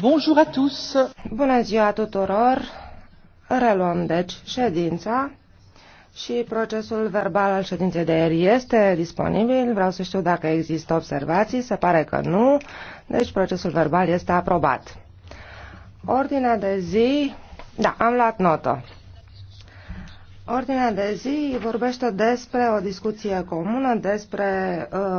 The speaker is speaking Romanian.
Bonjour à tous. Bună ziua tuturor. Reluăm deci ședința și procesul verbal al ședinței de ieri este disponibil. Vreau să știu dacă există observații. Se pare că nu. Deci procesul verbal este aprobat. Ordinea de zi. Da, am luat notă. Ordinea de zi vorbește despre o discuție comună despre uh,